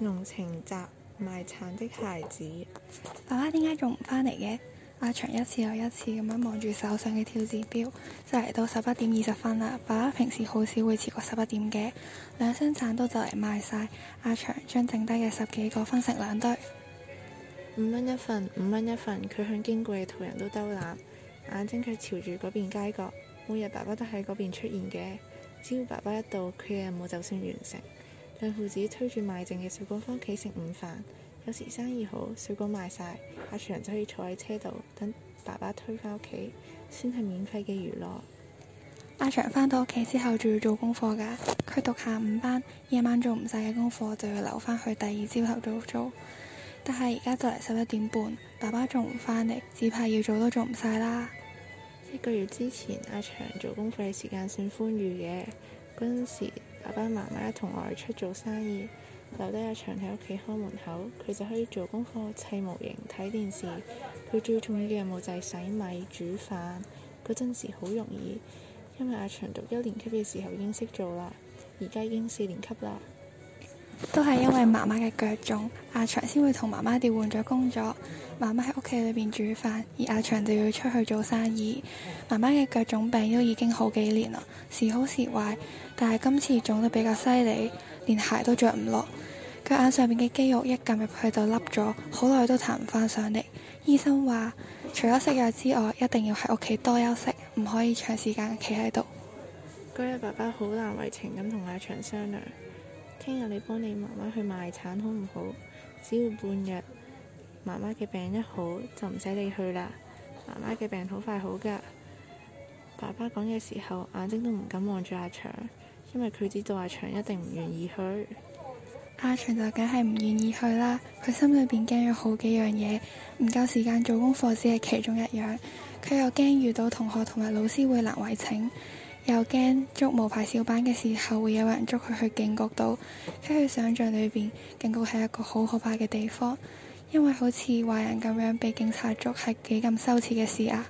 濃情集，賣橙的孩子，爸爸點解仲唔返嚟嘅？阿祥一次又一次咁樣望住手上嘅跳字錶，就嚟到十八點二十分啦！爸爸平時好少會遲過十一點嘅，兩箱橙都就嚟賣晒，阿祥將剩低嘅十幾個分成兩堆，五蚊一份，五蚊一份，佢向經過嘅途人都兜攬，眼睛卻朝住嗰邊街角，每日爸爸都喺嗰邊出現嘅，只要爸爸一到，佢嘅任務就算完成。細兩父子推住賣剩嘅水果，返屋企食午飯。有時生意好，水果賣晒，阿祥就可以坐喺車度等爸爸推返屋企，先係免費嘅娛樂。阿祥返到屋企之後，仲要做功課噶。佢讀下午班，夜晚做唔晒嘅功課就要留返去第二朝頭早做。但係而家就嚟十一點半，爸爸仲唔返嚟，只怕要做都做唔晒啦。一個月之前，阿祥做功課嘅時間算寬裕嘅，嗰陣時。爸爸媽媽同外出做生意，留低阿祥喺屋企開門口，佢就可以做功課、砌模型、睇電視。佢最重要嘅任務就係洗米煮飯，嗰陣時好容易，因為阿祥讀一年級嘅時候已經識做啦，而家已經四年級啦。都係因為媽媽嘅腳腫，阿祥先會同媽媽調換咗工作。媽媽喺屋企裏邊煮飯，而阿祥就要出去做生意。媽媽嘅腳腫病都已經好幾年啦，時好時壞，但係今次腫得比較犀利，連鞋都着唔落。腳眼上面嘅肌肉一撳入去就凹咗，好耐都彈唔翻上嚟。醫生話，除咗食藥之外，一定要喺屋企多休息，唔可以長時間企喺度。嗰日爸爸好難為情咁同阿祥商量。聽日你幫你媽媽去賣橙好唔好？只要半日，媽媽嘅病一好就唔使你去啦。媽媽嘅病好快好噶。爸爸講嘅時候，眼睛都唔敢望住阿祥，因為佢知道阿祥一定唔願意去。阿祥就梗係唔願意去啦。佢心裏邊驚咗好幾樣嘢，唔夠時間做功課只係其中一樣，佢又驚遇到同學同埋老師會難為情。又驚捉無牌小販嘅時候會有人捉佢去警局度，喺佢想像裏邊，警局係一個好可怕嘅地方，因為好似壞人咁樣被警察捉係幾咁羞恥嘅事啊！